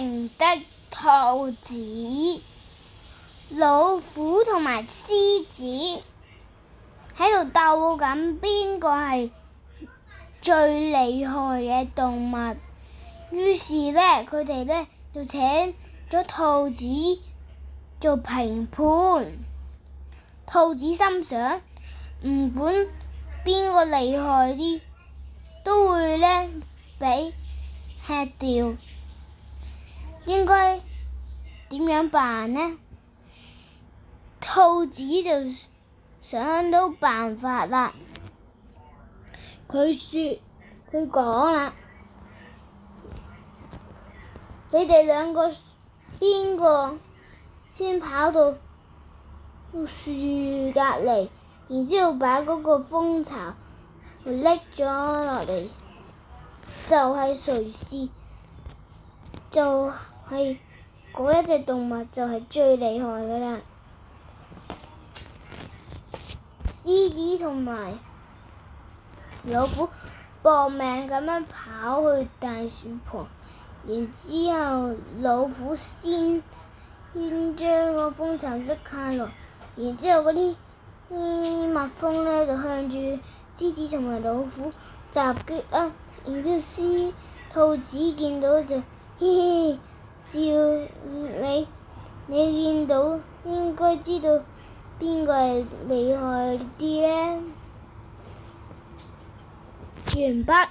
明的兔子、老虎同埋獅子喺度鬥緊，邊個係最厲害嘅動物？於是呢，佢哋呢就請咗兔子做評判。兔子心想：唔管邊個厲害啲，都會呢俾吃掉。應該點樣辦呢？兔子就想到辦法啦。佢說，佢講啦，你哋兩個邊個先跑到樹隔籬，然之後把嗰個蜂巢甩咗落嚟，就係誰先就，係嗰、哎、一隻動物就係最厲害噶啦！獅子同埋老虎搏命咁樣跑去大樹旁，然之後老虎先先將個蜂巢甩落，然之後嗰啲啲蜜蜂咧就向住獅子同埋老虎襲擊啊。然之後獅子兔子見到就嘻嘻～嘿嘿笑你，你見到應該知道邊個係厲害啲咧？完畢白。